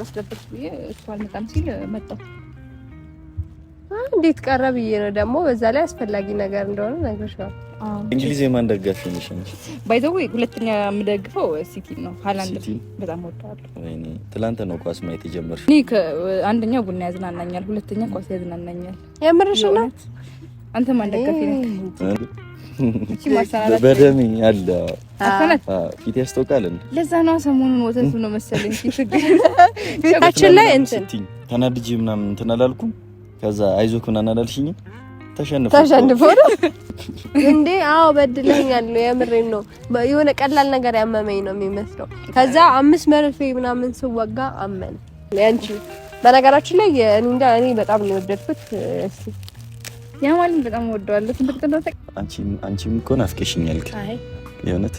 ረስደበት ብዬ እሱ አልመጣም ሲል መጣው። እንዴት ቀረ ብዬ ነው ደግሞ በዛ ላይ አስፈላጊ ነገር እንደሆነ ነግሬሻለሁ። እንግሊዝ የማን ደጋፊ ነሽ አንቺ? ባይ ዘ ወይ ሁለተኛ የምደግፈው ሲቲ ነው። ሃላንድ በጣም ወደዋለሁ። ትናንት ነው ኳስ ማየት የጀመርሽ? አንደኛው ቡና ያዝናናኛል፣ ሁለተኛ ኳስ ያዝናናኛል። የምርሽ ነው? አንተ ማን ደጋፊ ነህ? በደሜ አለ ፊት ያስታውቃል። ለዛ ነው ሰሞኑን ወተቱ ነው መሰለኝ ቤታችን ላይ እንትን ተናድጄ ምናምን እንትን አላልኩም። ከዛ አይዞክ ምናምን አላልሽኝም። ተሸንፎ ተሸንፎ ነው እንዴ? አዎ በድለኛል ነው የምሬን ነው። የሆነ ቀላል ነገር ያመመኝ ነው የሚመስለው። ከዛ አምስት መርፌ ምናምን ስወጋ አመን ያንቺ። በነገራችን ላይ እኔ በጣም ነው የወደድኩት። ያማልን በጣም ወደዋለሁ። አንቺም እኮ ናፍቀሽኛል የእውነት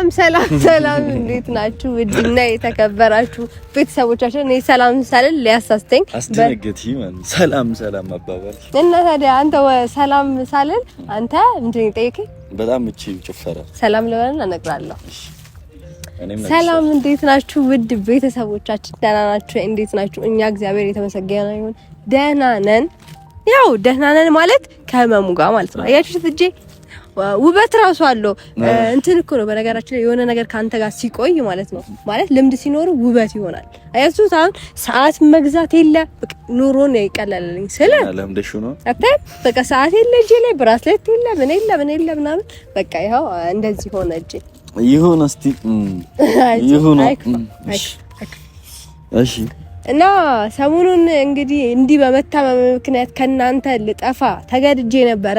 ሰላም ሰላም ሰላም፣ እንዴት ናችሁ? ውድና የተከበራችሁ ቤተሰቦቻችን፣ እኔ ሰላም ሳልል ሊያሳስተኝ አስደነገጥሽ። ሰላም ሰላም አባባል እና ታዲያ አንተ ሰላም ሳልል አንተ ምንድን ነው የጠየቀኝ? በጣም እቺ ጭፈራ ሰላም ልበልን አነግራለሁ። ሰላም እንዴት ናችሁ? ውድ ቤተሰቦቻችን ደህና ናችሁ? እንዴት ናችሁ? እኛ እግዚአብሔር የተመሰገነ ይሁን ደህና ነን። ያው ደህና ነን ማለት ከህመሙ ጋር ማለት ነው። አያችሁት እጄ ውበት ራሱ አለው። እንትን እኮ ነው በነገራችን ላይ የሆነ ነገር ከአንተ ጋር ሲቆይ ማለት ነው ማለት ልምድ ሲኖር ውበት ይሆናል። አያችሁት? አሁን ሰዓት መግዛት የለ ኑሮን ይቀላልልኝ ስለ ለምደሹ ነው አታይ በቃ ሰዓት የለ እጄ ላይ ብራስሌት የለ ምን የለ ምን የለ ምናምን በቃ ይኸው እንደዚህ ሆነ እጄ ይሁን እስቲ ይሁን እሺ እና ሰሞኑን እንግዲህ እንዲህ በመታመም ምክንያት ከናንተ ልጠፋ ተገድጄ ነበረ።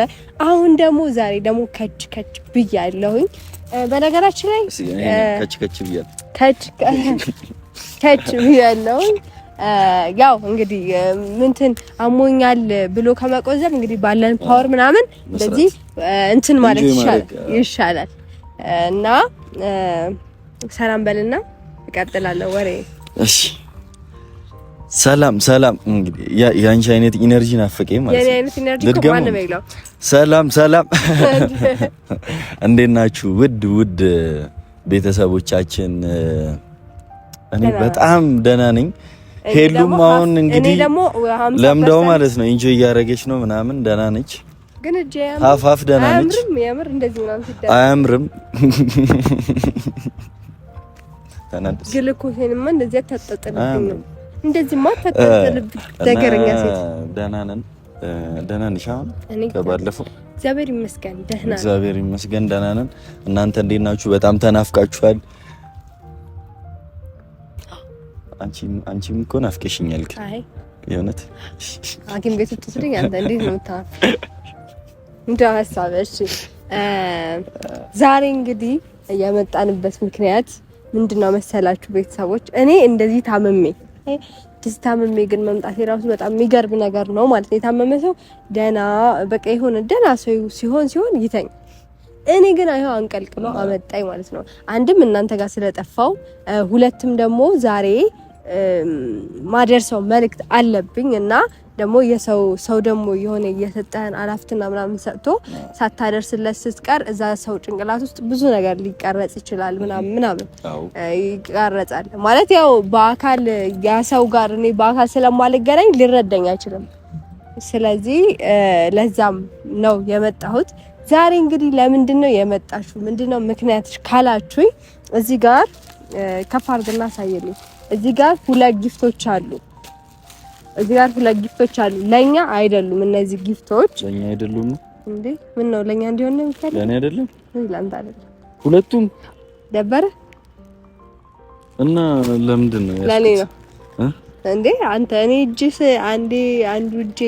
አሁን ደግሞ ዛሬ ደግሞ ከች ከች ብያለሁኝ። በነገራችን ላይ ከች ከች ብያለሁ፣ ከች ከች ብያለሁኝ። ያው እንግዲህ ምንትን አሞኛል ብሎ ከመቆዘብ እንግዲህ ባለን ፓወር ምናምን እንደዚህ እንትን ማለት ይሻላል እና ሰላም በልና እቀጥላለሁ ወሬ እሺ ሰላም ሰላም። እንግዲህ የአንቺ አይነት ኢነርጂ ናፈቀ ማለት ነው። ሰላም ሰላም፣ እንዴት ናችሁ ውድ ውድ ቤተሰቦቻችን? እኔ በጣም ደህና ነኝ። ሄሉም አሁን እንግዲህ ለምደው ማለት ነው ኢንጆይ እያደረገች ነው ምናምን፣ ደህና ነች። ግን እጄ አፋፍ ደህና ነች። አያምርም ተናደስ እንደዚህ ማ ነገረኛ ሴት ደህና ነን። ደህና ነሽ? አሁን ከባለፈው እግዚአብሔር ይመስገን ደህና ነን። እግዚአብሔር ይመስገን ደህና ነን። እናንተ እንዴት ናችሁ? በጣም ተናፍቃችኋል። አንቺም አንቺም እኮ ናፍቀሽኛል። አይ የእውነት ሐኪም ቤት አንተ እንዴት ነው ታፍ እሺ። ዛሬ እንግዲህ የመጣንበት ምክንያት ምንድነው መሰላችሁ ቤተሰቦች? እኔ እንደዚህ ታመሜ ታምሜ ግን መምጣት የራሱ በጣም የሚገርም ነገር ነው ማለት ነው። የታመመ ሰው ደና በቃ የሆነ ደና ሰው ሲሆን ሲሆን ይተኝ እኔ ግን አይኸው አንቀልቅሎ አመጣኝ ማለት ነው። አንድም እናንተ ጋር ስለጠፋው፣ ሁለትም ደግሞ ዛሬ ማደርሰው መልእክት አለብኝ እና ደግሞ የሰው ሰው ደግሞ የሆነ እየሰጠህን አላፍትና ምናምን ሰጥቶ ሳታደርስለት ስትቀር እዛ ሰው ጭንቅላት ውስጥ ብዙ ነገር ሊቀረጽ ይችላል ምናምን ምናምን ይቀረጻል። ማለት ያው በአካል ያ ሰው ጋር እኔ በአካል ስለማልገናኝ ሊረዳኝ አይችልም። ስለዚህ ለዛም ነው የመጣሁት። ዛሬ እንግዲህ ለምንድን ነው የመጣችሁ? ምንድን ነው ምክንያትሽ ካላችሁኝ እዚህ ጋር ከፍ አድርግና ሳየልኝ እዚህ ጋር ሁለት ጊፍቶች አሉ እዚህ ጋር ሁለት ጊፍቶች አሉ። ለኛ አይደሉም እነዚህ ጊፍቶች ለኛ አይደሉም። እንዴ ምን ነው ለኛ እንዲሆን ነው የሚፈልግ? ለኔ አይደለም፣ ለአንተ አይደለም። ሁለቱም ደበረ እና ለምንድን ነው ለኔ ነው እንዴ? አንተ እኔ እጅስ አንዴ አንዱ እጄ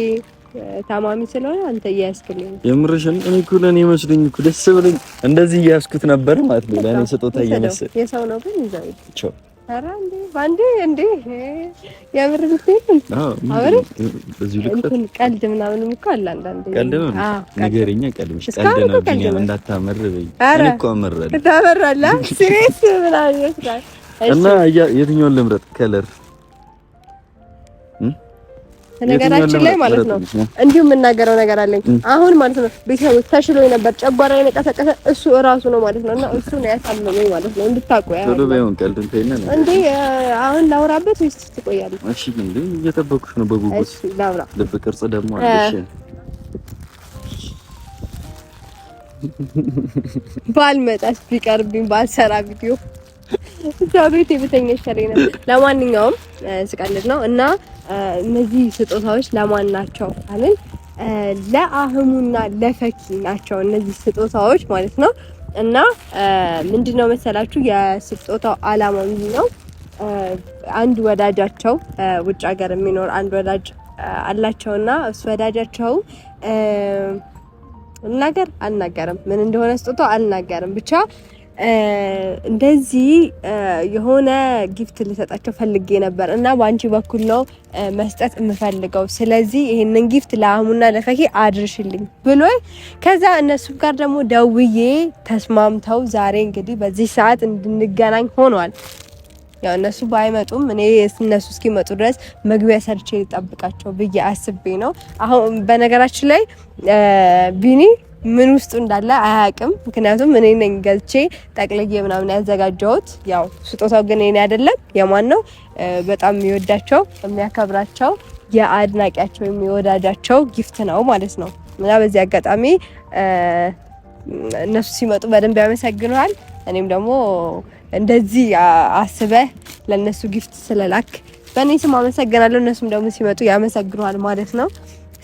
ታማሚ ስለሆነ አንተ እያያዝክልኝ የምርሽን። እኔ እኮ ለኔ መስሎኝ እኮ ደስ ብለኝ እንደዚህ እያያዝኩት ነበር ማለት ነው። ለኔ ስጦታ እየመሰለኝ የሰው ነው ግን ይዘው ኧረ ባንዴ እንዴ የምር ብትሄድም ቀልድ እኮ አለ አንዳንዴ። ቀልድ ነው ነገርኛ፣ ቀልድ ቀልድ ነው እንዳታመር በይ። እኔ እኮ አመራለሁ። ታመራለህ? ምናምን ይመስላል። እና የትኛውን ልምረጥ ከለር ነገራችን ላይ ማለት ነው እንዲሁም የምናገረው ነገር አለኝ አሁን ማለት ነው ቤተሰብ ተሽሎ ነበር ጨጓራ ላይ የቀሰቀሰ እሱ እራሱ ነው ማለት ነው እና እሱ ነው ያሳመመኝ ማለት ነው እንድታውቁ እንዴ አሁን ላውራበት ወይስ ትቆያለህ እሺ እንዴ እየጠበኩሽ ነው በጉጉት እሺ ላውራ ልብ ቅርጽ ደግሞ አለሽ ባልመጣ ቢቀርብኝ ባልሰራ ቪዲዮ እዛ ቤት የበተኛ ይሻለኝ ነበር ለማንኛውም ስቀልድ ነው እና እነዚህ ስጦታዎች ለማን ናቸው ካልን ለአህሙና ለፈኪ ናቸው እነዚህ ስጦታዎች ማለት ነው። እና ምንድነው መሰላችሁ የስጦታው አላማ ነው። አንድ ወዳጃቸው ውጭ ሀገር የሚኖር አንድ ወዳጅ አላቸውና እሱ ወዳጃቸው እናገር አልናገርም ምን እንደሆነ ስጦታው አልናገርም ብቻ እንደዚህ የሆነ ጊፍት ልሰጣቸው ፈልጌ ነበር እና በአንቺ በኩል ነው መስጠት የምፈልገው፣ ስለዚህ ይህንን ጊፍት ለአህሙና ለፈኪ አድርሽልኝ ብሎ ከዛ እነሱም ጋር ደግሞ ደውዬ ተስማምተው ዛሬ እንግዲህ በዚህ ሰዓት እንድንገናኝ ሆኗል። ያው እነሱ ባይመጡም እኔ እነሱ እስኪመጡ ድረስ መግቢያ ሰርቼ ልጠብቃቸው ብዬ አስቤ ነው። አሁን በነገራችን ላይ ቢኒ ምን ውስጡ እንዳለ አያውቅም። ምክንያቱም እኔ ነኝ ገልቼ ጠቅልዬ ምናምን ያዘጋጀሁት። ያው ስጦታው ግን እኔ አይደለም የማን ነው? በጣም የሚወዳቸው የሚያከብራቸው የአድናቂያቸው የሚወዳጃቸው ጊፍት ነው ማለት ነው። እና በዚህ አጋጣሚ እነሱ ሲመጡ በደንብ ያመሰግኑሃል። እኔም ደግሞ እንደዚህ አስበህ ለእነሱ ጊፍት ስለላክ በእኔ ስም አመሰግናለሁ። እነሱም ደግሞ ሲመጡ ያመሰግኑሃል ማለት ነው።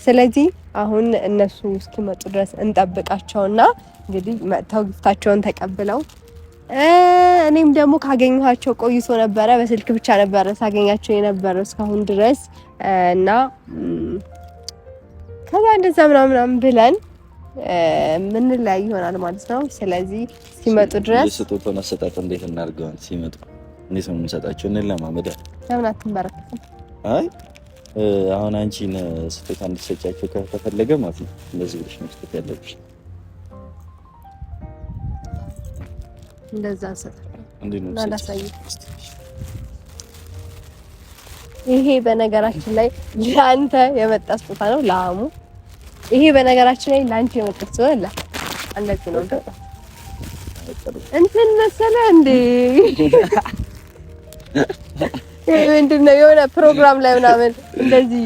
ስለዚህ አሁን እነሱ እስኪመጡ ድረስ እንጠብቃቸውና እንግዲህ መጥተው ግፍታቸውን ተቀብለው እኔም ደግሞ ካገኘኋቸው ቆይቶ ነበረ። በስልክ ብቻ ነበረ ሳገኛቸው የነበረው እስካሁን ድረስ እና ከዛ እንደዛ ምናምናም ብለን ምንለያይ ይሆናል ማለት ነው። ስለዚህ ሲመጡ ድረስ ስጦታ መሰጣት እንዴት እናድርገዋል? ሲመጡ እንዴት ነው የምንሰጣቸው? እንለማመዳል። ለምን አትንበረከትም? አይ አሁን አንቺን ስጦታ እንድትሰጫቸው ከተፈለገ ማለት ነው እንደዚህ ብለሽ መስጠት ያለብሽ። እንደዛ ይሄ በነገራችን ላይ ለአንተ የመጣ ስጦታ ነው ለአሙ። ይሄ በነገራችን ላይ ለአንቺ የመጣ ስጦታ ነው። አንደዚህ ነው እንትን መሰለህ እንዴ ምንድን ነው የሆነ ፕሮግራም ላይ ምናምን እንደዚህ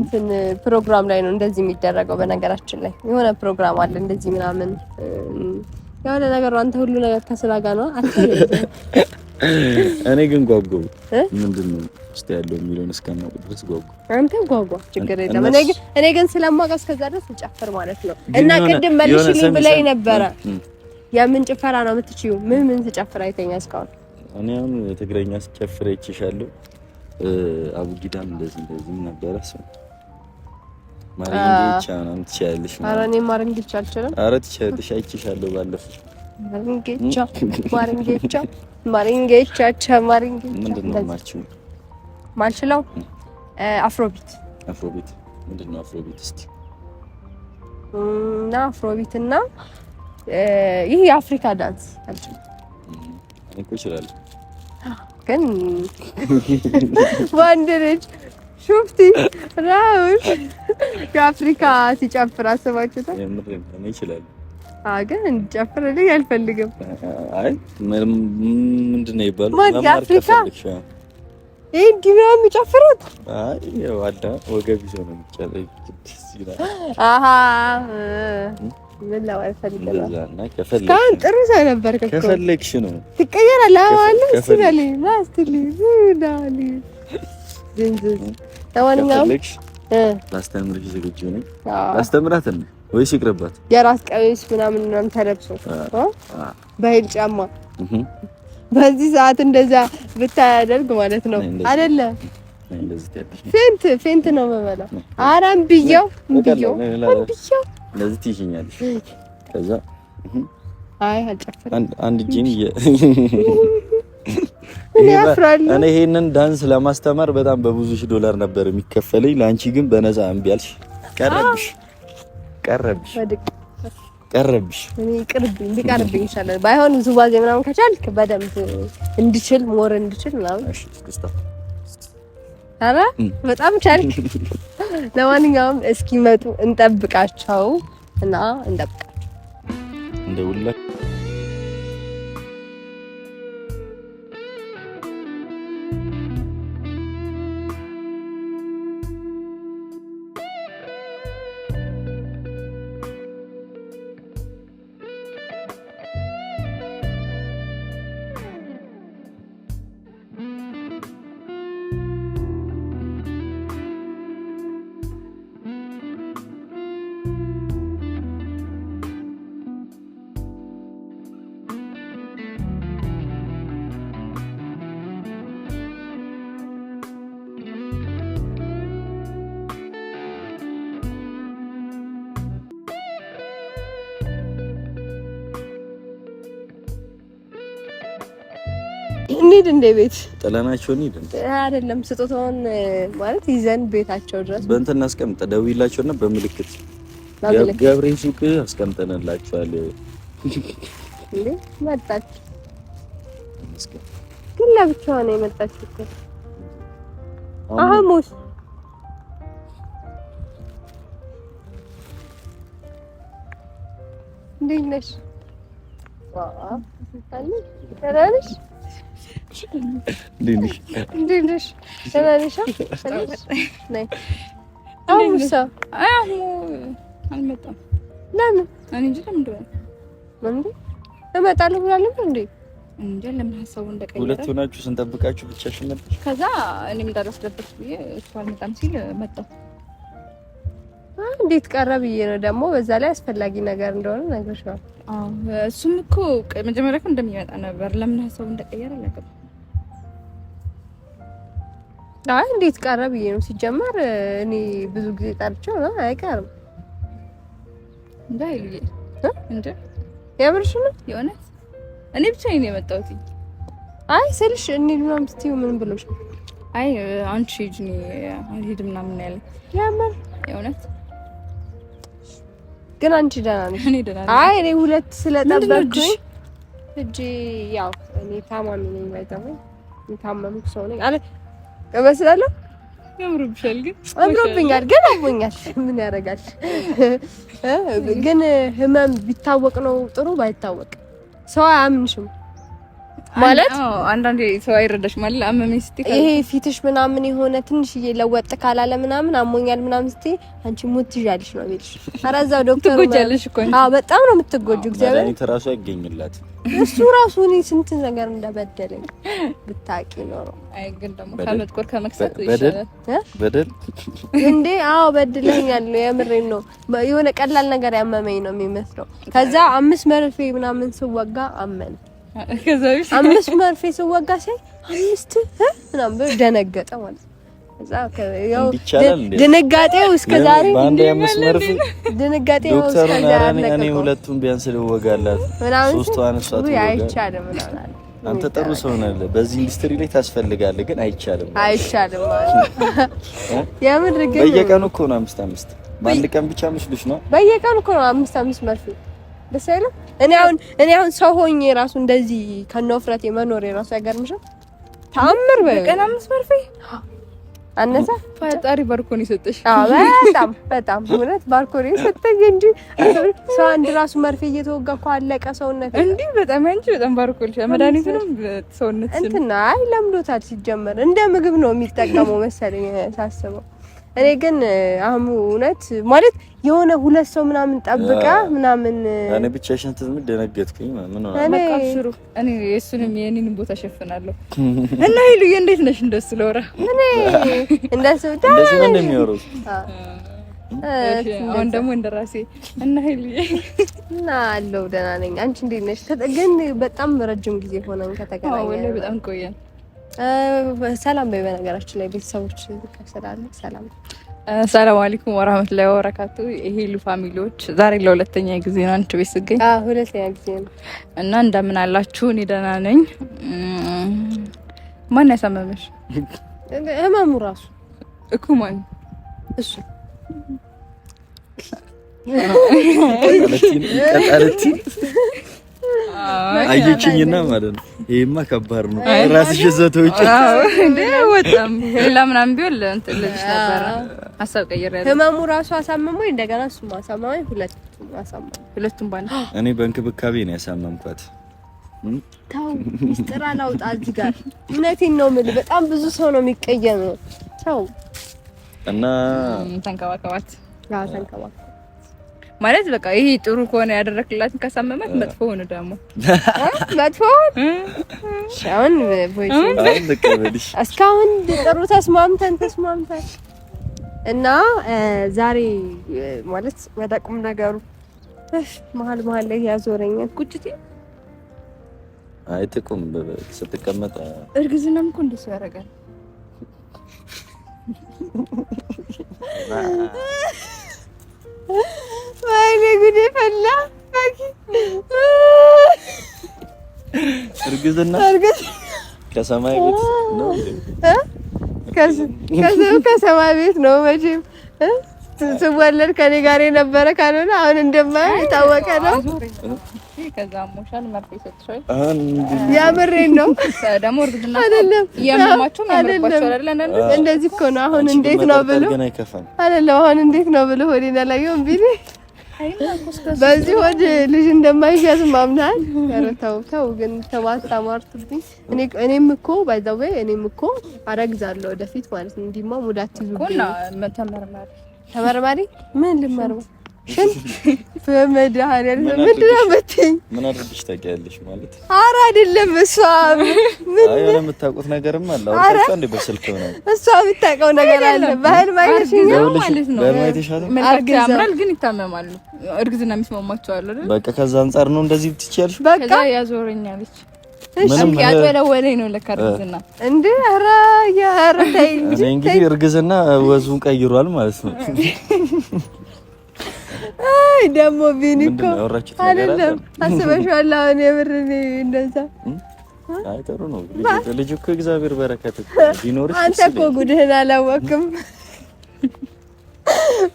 እንትን ፕሮግራም ላይ ነው እንደዚህ የሚደረገው። በነገራችን ላይ የሆነ ፕሮግራም አለ እንደዚህ ምናምን የሆነ ነገር አንተ ሁሉ ነገር ከስራ ጋር ነው። እኔ ግን ጓጓ ምንድን ነው ውስጥ ያለው የሚለውን እስከማውቅ ድረስ ጓጓ። አንተ ጓጓ ችግር የለም። እኔ ግን ስለማውቅ እስከዛ ድረስ ልጨፍር ማለት ነው። እና ቅድም መልሽልኝ ብለኝ ነበረ። የምን ጭፈራ ነው የምትችይው? ምን ምን ትጨፍር አይተኛ እስካሁን እኔ አሁን ትግረኛ ስጨፍረ ይችሻለሁ አቡጊዳም እንደዚህ እንደዚህ ነበረ ሰው ማረንግቻ ትችያለሽ። ኧረ እኔ ማረንግቻ አልችልም። ኧረ ትችያለሽ፣ አይችሻለሁ ባለፈው ማልችለው አፍሮቢት አፍሮቢት ምንድን ነው አፍሮቢት? እስኪ እና አፍሮቢት እና ይህ የአፍሪካ ዳንስ አልችልም። እኮ ይችላል ግን ወንድልጅ ሹፍቲ ራውሽ ከአፍሪካ ሲጨፍር አስባችሁታል? እኔ ይችላል ግን እንጨፍርልኝ አልፈልግም። አይ ምንድን ነው ይባሉ አፍሪካ ይሄ ዲቪ የሚጨፍሩት አይ ያው አዳ ወገብ ይዞ ነው አሃ እስካሁን ጥሩ ሰው ነበርክ ከፈለግሽ ነው ትቀየራለህ። ላስተምርሽ ዝግጁ ነኝ። ላስተምራት ወይስ ይቅርባት? የራስ ቀሚስ ምናምን ምናምን ተለብሶ በሂል ጫማ በዚህ ሰዓት እንደዛ ብታደርግ ማለት ነው አይደለ? ፌንት ፌንት ነው በበላ አራም ብየው ብየው ብየው እንደዚህ ትይሽኛለሽ። ከዛ አይ አንድ ጂን እኔ ይሄንን ዳንስ ለማስተማር በጣም በብዙ ሺህ ዶላር ነበር የሚከፈለኝ። ለአንቺ ግን በነፃ እምቢ አልሽ። ቀረብሽ ቀረብሽ ቀረብሽ። እኔ ይቅርብኝ፣ ቢቀርብኝ ይሻላል። ባይሆን ውዝዋዜ ምናምን ከቻልክ በደንብ እንድችል ሞር እንድችል ምናምን ኧረ በጣም ቻልክ። ለማንኛውም እስኪመጡ እንጠብቃቸው እና እንጠብቃቸው እንደውላ እንሂድ እንደ ቤት ጥለናቸው እንሂድ እንደ አይደለም። ስጦታውን ማለት ይዘን ቤታቸው ድረስ በእንትን አስቀምጠ ደውይላቸውና በምልክት ገብሬ ሱቅ አስቀምጠንላቸዋል። እንዴ መጣች ግን ለብቻዋ ነው የመጣችው እኮ አህሙስ እንዴት ነሽ? ደህና ነሽ? እመጣለሁ ሁለት ሆናችሁ ስንጠብቃችሁ ብቻሽን ነበር። ከዛ እኔም ብዬ እሱ አልመጣም ሲል መጣሁ። እንዴት ቀረ ብዬ ነው ደግሞ በዛ ላይ አስፈላጊ ነገር እንደሆነ ነግሬሻለሁ። እሱም እኮ መጀመሪያ እኮ እንደሚመጣ ነበር። ለምን ሀሳቡ እንደቀየረ አላውቅም። አይ እንዴት ቀረ ብዬ ነው። ሲጀመር እኔ ብዙ ጊዜ ጠርቼው ነው አይቀርም። ልጅ እንዴ የምርሽ ነው የእውነት? እኔ ብቻዬን ነው የመጣሁት። አይ ስልሽ እኔ ምናምን ስትይው ምን ብሎሽ? አይ አንቺ ሂጂ እኔ አልሄድም ምናምን ያለኝ የምር የእውነት። ግን አንቺ ደህና ነሽ? እኔ ደህና ነኝ። አይ እኔ ሁለት ስለጠበቅኩኝ ሂጂ። ያው እኔ ታማሚ ነኝ፣ ባይታወቅ ታመምኩ ሰው ነኝ አለ እመስላለሁ። ያምሩብሻል፣ ግን አምሮብኛል፣ ግን አሞኛል። ምን ያደርጋል? ግን ህመም ቢታወቅ ነው ጥሩ፣ ባይታወቅ ሰው አያምንሽም። ማለት አንዳንዴ ሰው አይረዳሽ ማለት አመመኝ ስትይ ይሄ ፊትሽ ምናምን የሆነ ትንሽዬ ለወጥ ካላለ ምናምን አሞኛል ምናምን ስትይ አንቺ ሙት ትያለሽ ነው ቤትሽ። ኧረ እዛው ዶክተር ትጎጃለሽ እኮ አዎ፣ በጣም ነው የምትጎጁ። እግዚአብሔር እኔ ተራሱ አይገኝላት እሱ ራሱ እኔ ስንት ነገር እንደበደለኝ ብታውቂ ኖሮ። አይ ግን ደግሞ ከመጥቆር ከመክሰት ይሻላል። በደል እንዴ? አዎ በድለኛል፣ የምሬን ነው። የሆነ ቀላል ነገር ያመመኝ ነው የሚመስለው። ከዛ አምስት መርፌ ምናምን ስወጋ አመን አምስት መርፌ ስወጋ ሳይ አምስት ምናምን ብሎ ደነገጠ ማለት ነው። ድንጋጤው እስከ ዛሬ ድንጋጤው እኔ ሁለቱን ቢያንስ ልወጋላት ሶስቷን እሷ አይቻልም። አንተ ጥሩ ሰው ነህ፣ በዚህ ኢንዱስትሪ ላይ ታስፈልጋለህ፣ ግን አይቻልም አይቻልም። የምር ግን በየቀኑ እኮ ነው አምስት አምስት፣ በአንድ ቀን ብቻ ምስልሽ ነው። በየቀኑ እኮ ነው አምስት አምስት መርፌ ደስ አይልም። እኔ አሁን እኔ አሁን ሰው ሆኜ ራሱ እንደዚህ ከነውፍረት የመኖር የራሱ ያገርምሻል። ታምር በቀን አምስት መርፌ አነሳ ፈጣሪ ባርኮን ይሰጥሽ። አዎ በጣም በጣም እውነት ባርኮን ይሰጠኝ እንጂ ሰው አንድ ራሱ መርፌ እየተወጋ እኮ አለቀ ሰውነት። እንዴ በጣም አንቺ በጣም ባርኮን መድኃኒቱንም ሰውነት እንትና አይ ለምዶታል። ሲጀመር እንደ ምግብ ነው የሚጠቀመው መሰለኝ ሳስበው እኔ ግን አህሙ እውነት ማለት የሆነ ሁለት ሰው ምናምን ጠብቃ ምናምን እኔ ብቻሽን ትዝምድ ደነገጥኩኝ። ምን ነው እኔ እኔ የኔንም ቦታ ሸፍናለሁ እና ሄሉ እንዴት ነሽ? እንደሱ ለወራ እኔ እንደሱ እንደሱ እንደሚወሩት አሁን ደግሞ እንደራሴ እና ሄሉ እና አለው ደህና ነኝ። አንቺ እንዴት ነሽ? ግን በጣም ረጅም ጊዜ ሆነን ከተገናኘን በጣም ቆየን። ሰላም በይ። በነገራችን ላይ ቤተሰቦች ስላለ ሰላም ሰላም አለይኩም ወራህመቱላሂ ወበረካቱ። የሄሉ ፋሚሊዎች ዛሬ ለሁለተኛ ጊዜ ነው አንቺ ቤት ስገኝ፣ ሁለተኛ ጊዜ ነው እና እንደምን አላችሁ? እኔ ደህና ነኝ። ማን ያሳመመሽ? ህመሙ ራሱ እኮ ማን እሱ ቀጠረቲ አየችኝና ማለት ነው። ይሄማ ከባድ ነው። ራስሽ ዘተው እጭ እንዴ ወጣም ሌላ ምናምን ቢሆን እንትን ልጅ ነበር። ሀሳብ ቀይሬያለሁ። ህመሙ ራሱ አሳመመኝ፣ እንደገና እሱ አሳመመኝ፣ ሁለት አሳመመኝ። ሁለቱም ባለ እኔ በእንክብካቤ ነው ያሳመምኳት። ተው ሚስጥር አላውጣ እዚህ ጋር። እውነቴን ነው የምልህ፣ በጣም ብዙ ሰው ነው የሚቀየመው። ተው እና ተንከባከባት፣ ተንከባከባት ያ ማለት በቃ ይሄ ጥሩ ከሆነ ያደረክላትን ካሳመማት መጥፎ ሆነ ደግሞ መጥፎ አሁን እስካሁን ጥሩ ተስማምተን ተስማምተን እና ዛሬ ማለት ወደ ቁም ነገሩ መሀል መሀል ላይ ያዞረኛል ቁጭቴ አይጥቁም ስትቀመጥ እርግዝናም እኮ እንደሱ ያደርጋል ወይኔ ጉዴ ፈላ። እርግዝና ከሰማይ ቤት ነው ከሰማይ ቤት ነው መቼም ስወለድ ከኔ ጋር የነበረ ካልሆነ አሁን እንደማይሆን የታወቀ ነው። ከዛ ነው እንደዚህ እኮ ነው። አሁን እንዴት ነው ብሎ አይደለም አሁን እንዴት ነው ብሎ በዚህ ወድ ልጅ እንደማይያዝ ማምናል። ኧረ ተው ተው ግን እኔም እኮ እኔም እኮ አረግዛለሁ ወደፊት ማለት ነው። እንዲማ ሙዳት ተመርማሪ ምን ልመርመር በመድኃኒዓለም ምንድን ነው የምትይኝ? ምን አድርግሽ ታውቂያለሽ? ማለት ኧረ አይደለም እሷ ምን የምታውቁት ነገርም አለ። አውቃችሁ በስልክ እሷ የምታውቀው ነገር አለ። ባህል ማለት ግን ይታመማሉ። እርግዝና የሚስማማቸው አለ አይደል? በቃ ከዛ አንጻር ነው እንደዚህ ብትችያለሽ። በቃ ያዞረኛለች እርግዝና ወዙን ቀይሯል ማለት ነው። አይ ደግሞ ቢኒ እኮ አይደለም አስበሽዋል። አሁን የምር እንደዛ አይ ጥሩ ነው ልጅ እኮ እግዚአብሔር በረከት ቢኖር አንተ እኮ ጉድህን አላወቅም።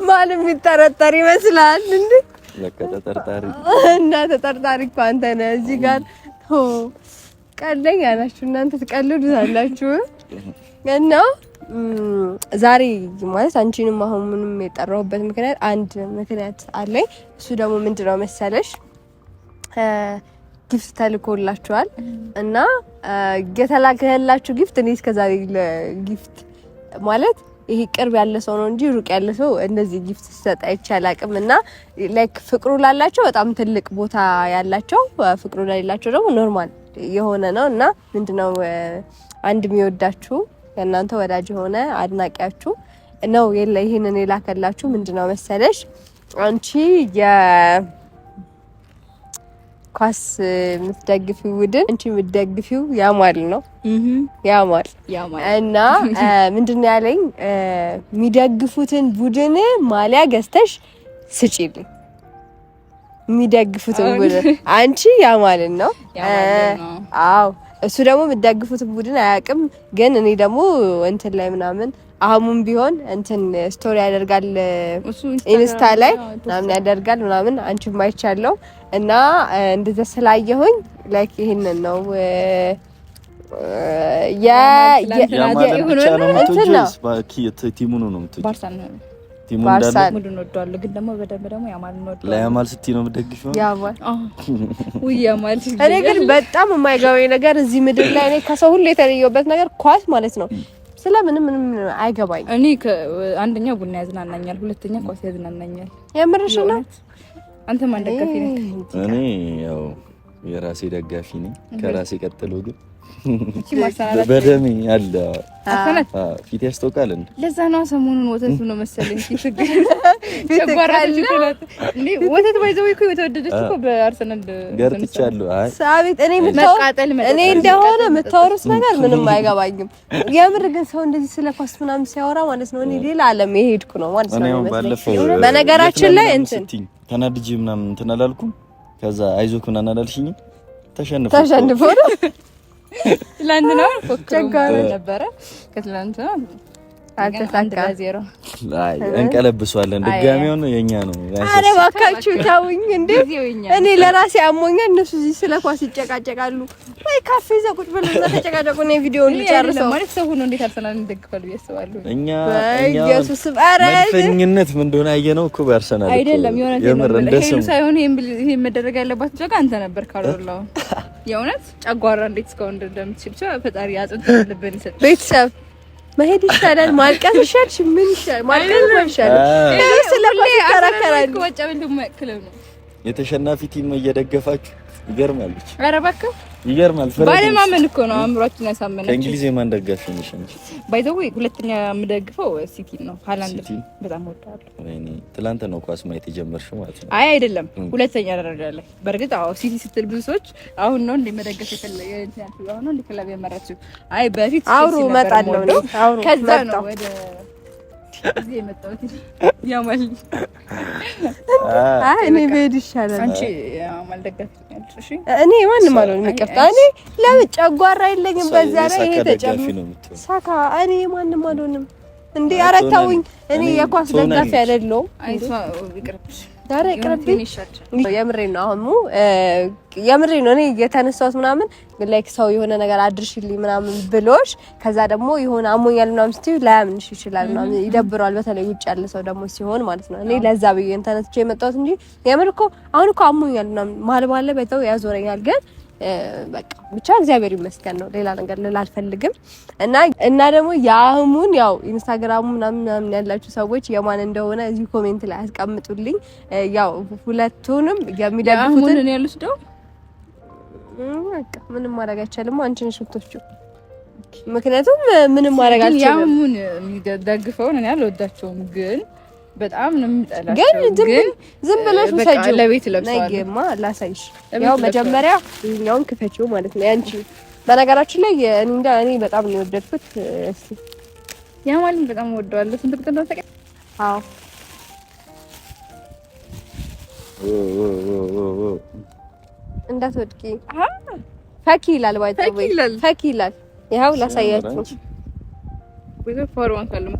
ማን የሚጠረጠር ይመስላል እንዴ? ለካ ተጠርጣሪ እና ተጠርጣሪ እኮ አንተ ነህ። እዚህ ጋር ቀልደኛ ናችሁ እናንተ ትቀልዱታላችሁ እና ዛሬ ማለት አንቺንም አሁን ምንም የጠራሁበት ምክንያት አንድ ምክንያት አለኝ። እሱ ደግሞ ምንድነው መሰለሽ ጊፍት ተልኮላችኋል እና የተላከላችሁ ጊፍት እኔ እስከዛሬ ጊፍት ማለት ይሄ ቅርብ ያለ ሰው ነው እንጂ ሩቅ ያለ ሰው እንደዚህ ጊፍት ሲሰጥ አይቼ አላቅም። እና ላይክ ፍቅሩ ላላቸው በጣም ትልቅ ቦታ ያላቸው፣ ፍቅሩ ለሌላቸው ደግሞ ኖርማል የሆነ ነው እና ምንድነው አንድ የሚወዳችሁ የእናንተ ወዳጅ የሆነ አድናቂያችሁ ነው የለ ይህንን የላከላችሁ። ምንድነው መሰለሽ አንቺ ኳስ የምትደግፊው ቡድን አንቺ የምትደግፊው ያማል ነው ያማል እና ምንድን ያለኝ የሚደግፉትን ቡድን ማሊያ ገዝተሽ ስጪልኝ። የሚደግፉትን ቡድን አንቺ ያማልን ነው። አዎ እሱ ደግሞ የምትደግፉት ቡድን አያውቅም። ግን እኔ ደግሞ እንትን ላይ ምናምን አህሙም ቢሆን እንትን ስቶሪ ያደርጋል ኢንስታ ላይ ምናምን ያደርጋል ምናምን አንቺም አይቻለው እና እንደዛ ስላየሁኝ ላይክ ይሄንን ነው ያ ያ ያ ያ ያ ያ ያ ያ ቲሙ እንዳለ ሙድ እንወደዋለሁ፣ ግን ደግሞ በደንብ ደግሞ ያማል እንወደዋለን። ለያማል ስትይ ነው የምትደግፊው? ያማል ውይ ያማል። እኔ ግን በጣም የማይገባኝ ነገር እዚህ ምድር ላይ እኔ ከሰው ሁሉ የተለየሁበት ነገር ኳስ ማለት ነው። ስለምንም ምንም አይገባኝ። እኔ አንደኛ ቡና ያዝናናኛል፣ ሁለተኛ ኳስ ያዝናናኛል። የምርሽ ነው? አንተ ማን ደጋፊ ነህ? እኔ ያው የራሴ ደጋፊ ነኝ ከራሴ ቀጥሎ ግን በደሜ አለ ፊት ያስታውቃል። ለዛ ነው ሰሞኑን ወተቱ ነው መሰለኝ እኔ እንደሆነ የምታወሩት ነገር ምንም አይገባኝም። የምር ግን ሰው እንደዚህ ስለ ኳስ ምናምን ሲያወራ ማለት ነው እኔ ሌላ ዓለም የሄድኩ ነው ማለት ነው። በነገራችን ላይ እንትን ተናድጄ ምናምን እንትን አላልኩም። ከዛ አይዞክ ምናምን አላልሽኝም። ተሸንፎ ተሸንፎ ትላንትና ፎክሮ ነበረ ከትላንትና እንቀለብሷለን። ድጋሚውን የኛ ነው። ኧረ እባካችሁ ተውኝ እንዴ! እኔ ለራሴ አሞኛል። እነሱ እዚህ ስለ ኳስ ይጨቃጨቃሉ። ወይ ካፌ እዛ ቁጭ ብለው እዛ ተጨቃጨቁ። እኔ ቪዲዮውን ልጨርሰው ማለት ሰው ሆኖ እንዴት አርሰናል እንደግፋሉ ያስባሉ። እኛ ኢየሱስ ኧረ መልፈኝነት ምን እንደሆነ አየነው እኮ በአርሰናል አይደለም። የሆነ እንደሱ ሳይሆን ይሄን መደረግ ያለባት ጨቃ አንተ ነበር ካልወላው የእውነት ጨጓራ እንዴት እስካሁን እንደምትችል ብቻ ፈጣሪ አጥንት ልብን ይሰጥ ቤተሰብ መሄድ ይሻላል። ማልቀስ ይሻልሽ? ምን ይሻል? ማልቀስ ይሻላል። ስለዚህ ስለዚህ ተከራከራለሁ። የተሸናፊ ቲም እየደገፋችሁ ይገርማለች። ኧረ እባክህ ይገርማል። ባለማመን እኮ ነው አእምሯችን ያሳመነች። ከእንግሊዝ የማን ደጋፊ ነሽ አንቺ? ባይ ዘ ወይ ሁለተኛ የምደግፈው ሲቲ ነው። ሃላንድ በጣም እወዳለሁ። ወይኔ ትናንት ነው ኳስ ማየት የጀመርሽው ማለት ነው? አይ አይደለም፣ ሁለተኛ ደረጃ ላይ። በእርግጥ አዎ፣ ሲቲ ስትል ብዙ ሰዎች አሁን ነው እንደ የፈለገ እንትን ያለው አሁን ነው እንደ ክለብ የመረጥሽው? አይ በፊት አውሩ እመጣለሁ ነው። አውሩ ከዛ ነው ወደ እዚህ የመጣሁት ያማል። አይ እኔ ለምን ጨጓራ የለኝም። በዛ ላይ ይሄ ተጨም ሳካ እኔ ማንም አልሆንም። እንዴ ኧረ ተውኝ። እኔ የኳስ ደጋፊ አይደለሁም። ኧረ ይቅርብኝ። የምሬ ነው። አሁን የምሬ ነው። እኔ የተነሳሁት ምናምን ላይክ ሰው የሆነ ነገር አድርሽልኝ ምናምን ብሎሽ ከዛ ደግሞ የሆነ አሞኛል ምናምን ስትይ ላያምንሽ ይችላል ምናምን ይደብረዋል። በተለይ ውጭ ያለ ሰው ደግሞ ሲሆን ማለት ነው። እኔ ለዛ ብዬ ተነስቼ የመጣሁት እንጂ የምር እኮ አሁን እኮ አሞኛል ምናምን ማል በተው ያዞረኛል ግን በቃ ብቻ እግዚአብሔር ይመስገን ነው። ሌላ ነገር ልል አልፈልግም። እና እና ደግሞ የአህሙን ያው ኢንስታግራሙ ምናምን ያላችሁ ሰዎች የማን እንደሆነ እዚህ ኮሜንት ላይ አስቀምጡልኝ። ያው ሁለቱንም የሚደግፉትን ያሉት ደው በቃ ምንም ማድረግ አይቻልም። አንቺን ነሽ ምክንያቱም ምንም ማድረግ አልቻለም። ያሁን የሚደግፈውን እኔ አልወዳቸውም ግን በጣም ነው የምጠላቸው። ግን ዝም ዝም ብለሽ ውሰጂው። ለቤት ለብሰዋልማ ላሳይሽ። ያው መጀመሪያ ይኸኛውን ክፈቺው ማለት ነው ያንቺ። በነገራችን ላይ እኔ እንጃ እኔ በጣም ነው የወደድኩት። እስቲ ያማልን በጣም ወደዋለሁ። ስንት ቁጥር ተቀ አዎ እንዳትወድቂ ፈኪ ይላል። ባይ ፈኪ ይላል። ይኸው ላሳያችሁ። ብዙ ፎርማን ካለ ነው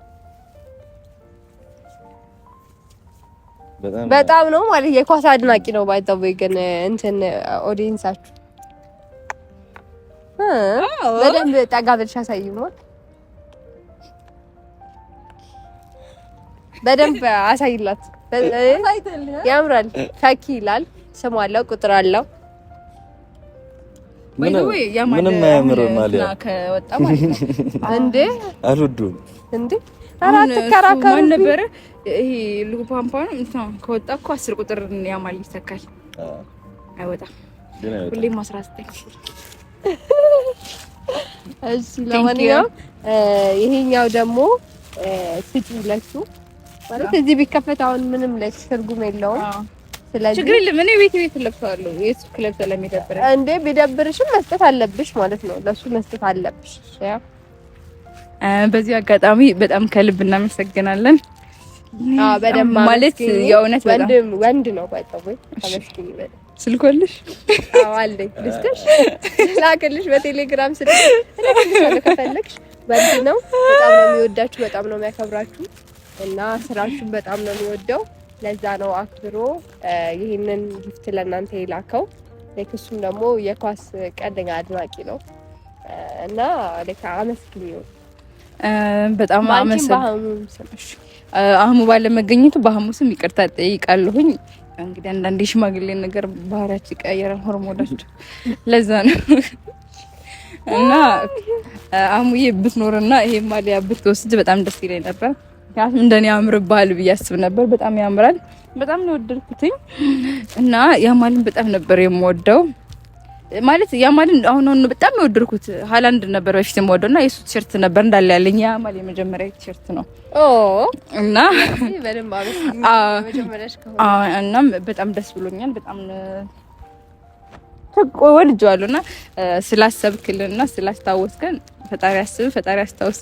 በጣም ነው ማለት የኳስ አድናቂ ነው። ባይታው ግን እንትን ኦዲየንሳችሁ በደንብ ጠጋ ብለሽ ነው በደንብ አሳይላት። ያምራል። ፈኪ ይላል። ስም አለው፣ ቁጥር አለው። ምንም ያምር ማለት ነው። ከወጣ ማለት ነው እንዴ አልወዱም እንዴ አትከራከሩም ነበረ። ይሄ ልፓምፓ ነው ከወጣ እኮ አስር ቁጥር ያማል ይተካል። አይወጣም ሁሌም አስራ ዘጠኝ እሺ ለማንኛውም ይሄኛው ደግሞ ስጪ ለሱ ማለት እዚህ ቢከፈት አሁን ምንም ለሱ ትርጉም የለውም። ስለዚህ ችግር የለም። እኔ ቤት ቤት ለብሰዋለሁ የሱ ክለብ ስለሚደብረኝ እንዴ ቢደብርሽም መስጠት አለብሽ ማለት ነው። ለሱ መስጠት አለብሽ ያው በዚህ አጋጣሚ በጣም ከልብ እናመሰግናለን። ማለት የእውነት ወንድም ወንድ ነው ባይጠወይ አመስግኝ ስልኮልሽ አዋልኝ ልስጥሽ፣ ላክልሽ በቴሌግራም ስልክ ልክልሽ ከፈለግሽ። ወንድ ነው፣ በጣም ነው የሚወዳችሁ፣ በጣም ነው የሚያከብራችሁ እና ስራችሁን በጣም ነው የሚወደው። ለዛ ነው አክብሮ ይህንን ጊፍት ለእናንተ የላከው። እሱም ደግሞ የኳስ ቀንደኛ አድናቂ ነው እና አመስግኝ በጣም አህሙ ባለመገኘቱ በአህሙ ስም ይቅርታ ጠይቃለሁኝ። እንግዲህ አንዳንዴ ሽማግሌ ነገር ባህሪያቸው ይቀያየራል፣ ሆርሞናቸው ለዛ ነው እና አህሙዬ ብትኖርና ይሄ ማሊያ ብትወስድ በጣም ደስ ይለኝ ነበር። ምክንያቱም እንደኔ ያምርብሃል ብዬ አስብ ነበር። በጣም ያምራል። በጣም ነው ወደድኩትኝ እና ያማልን በጣም ነበር የምወደው። ማለት ያማል አሁን አሁን በጣም የወደድኩት ሃላንድ ነበር በፊትም ወደውና የሱ ቲሸርት ነበር እንዳለ ያለኝ ያማል የመጀመሪያ ቲሸርት ነው። ኦ እና እናም በጣም ደስ ብሎኛል። በጣም ወድጄዋለሁና ስላሰብክልንና ስላስታወስከን ፈጣሪ ያስብ፣ ፈጣሪ ያስታውስ።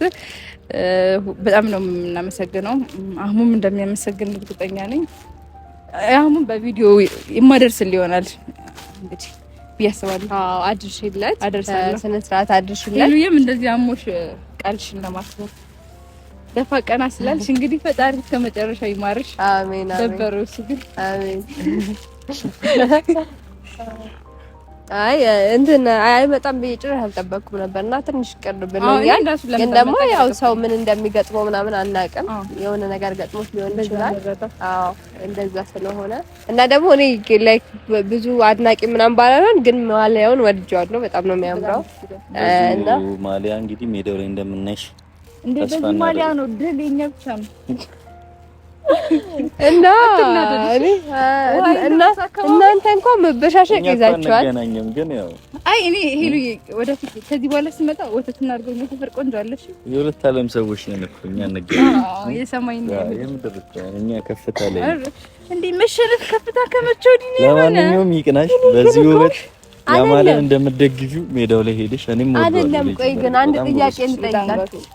በጣም ነው የምናመሰግነው። አህሙም እንደሚያመሰግን እርግጠኛ ነኝ። አህሙም በቪዲዮ ይማደርስል ይሆናል እንግዲህ ብዬ አስባለሁ። አድርሽለት፣ አደርሳለሁ። ስነ ስርዓት አድርሽለት። ሄሉዬም እንደዚህ አሞሽ ቃልሽን ለማክበር ደፋ ቀና ስላልሽ እንግዲህ ፈጣሪ ከመጨረሻ ይማርሽ። አሜን። ነበረ ደበረው እሱ ግን አሜን። አይ እንትን አይ በጣም ጭራሽ አልጠበኩም ነበርና ትንሽ ቅር ብሎኛል። ግን ደግሞ ያው ሰው ምን እንደሚገጥመው ምናምን አናውቅም። የሆነ ነገር ገጥሞት ሊሆን ይችላል። አዎ እንደዛ ስለሆነ እና ደግሞ እኔ ላይክ ብዙ አድናቂ ምናምን ባላለን፣ ግን ማሊያውን ወድጄዋለሁ። በጣም ነው የሚያምረው። እና ማሊያ እንግዲህ ሜዳው ላይ እንደምናይሽ እንደዚህ ማሊያ ነው ድል የኛ ብቻ ነው እና እናንተ እንኳን መበሻሸቅ ይዛችኋል። አይ እኔ ሄሉ ወደፊት ከዚህ በኋላ ስመጣ ወተት አድርገው የሚተፈር ቆንጆ አለሽ። የሁለት ዓለም ሰዎች ነን እኮ እኛ ነገ የሰማይ እኛ ከፍታ ላይ እንዴ መሸነፍ ከፍታ ከመቼ ወዲህ ነው? ለማንኛውም ይቅናሽ በዚህ ውበት ያማለን እንደምደግፊው ሜዳው ላይ ሄደሽ እኔም አይደለም። ቆይ ግን አንድ ጥያቄ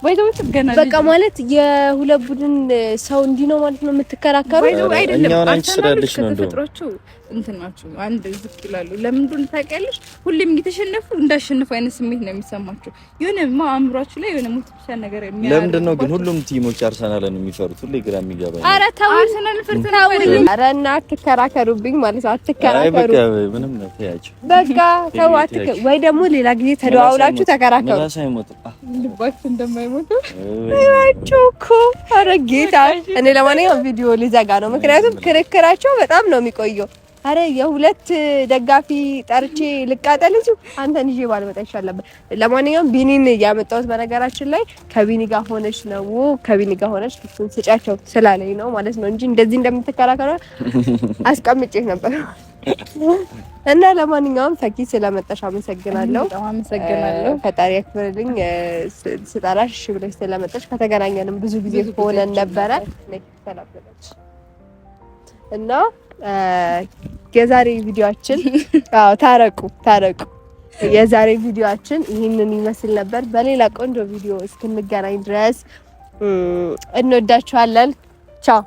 ወይ ገና በቃ ማለት የሁለት ቡድን ሰው እንዲህ ነው ማለት ነው የምትከራከሩ? አይደለም አንቺ ስላለሽ ነው እንደው እንትን ናቸው አንድ ዝቅ ይላሉ። ለምንድን እንደሆነ ታውቂያለሽ? ሁሌም እየተሸነፉ እንዳሸነፉ አይነት ስሜት ነው የሚሰማቸው። የሆነ ማ አእምሯችሁ ላይ የሆነ ሞቲቬሽን ነገር የሚያ ለምንድን ነው ግን ሁሉም ቲሞች አርሰናልን የሚፈሩት? ሁሌ ግራ የሚገባ አረ ኧረ ተው አርሰናል ፍርትና ወይም ኧረ እና አትከራከሩብኝ ማለት አትከራከሩ። ምንም ነው ታያቸው በቃ ተው አትከ ወይ ደግሞ ሌላ ጊዜ ተደዋውላችሁ ተከራከሩ። ራስ አይሞት ልባችሁ እንደማይሞት ይዋቸው እኮ አረ ጌታ እኔ ለማንኛውም ቪዲዮ ሊዘጋ ነው። ምክንያቱም ክርክራቸው በጣም ነው የሚቆየው አረ የሁለት ደጋፊ ጠርቼ ልቃጠል አንተን ይዤ ባልመጣ ይሻል ነበር። ለማንኛውም ቢኒን ያመጣሁት በነገራችን ላይ ከቢኒ ጋር ሆነች ነው ከቢኒ ጋር ሆነች እሱን ስጫቸው ስላለኝ ነው ማለት ነው እንጂ እንደዚህ እንደምትከራከረ አስቀምጬ ነበር። እና ለማንኛውም ፈኪ ስለመጣሽ አመሰግናለሁ። አመሰግናለሁ። ፈጣሪ ያክብርልኝ። ስጠራሽ እሺ ብለሽ ስለመጣሽ ከተገናኘንም ብዙ ጊዜ ሆነን ነበረ እና የዛሬ ቪዲዮአችን አዎ፣ ታረቁ ታረቁ። የዛሬ ቪዲዮአችን ይህንን ይመስል ነበር። በሌላ ቆንጆ ቪዲዮ እስክንገናኝ ድረስ እንወዳችኋለን። ቻው።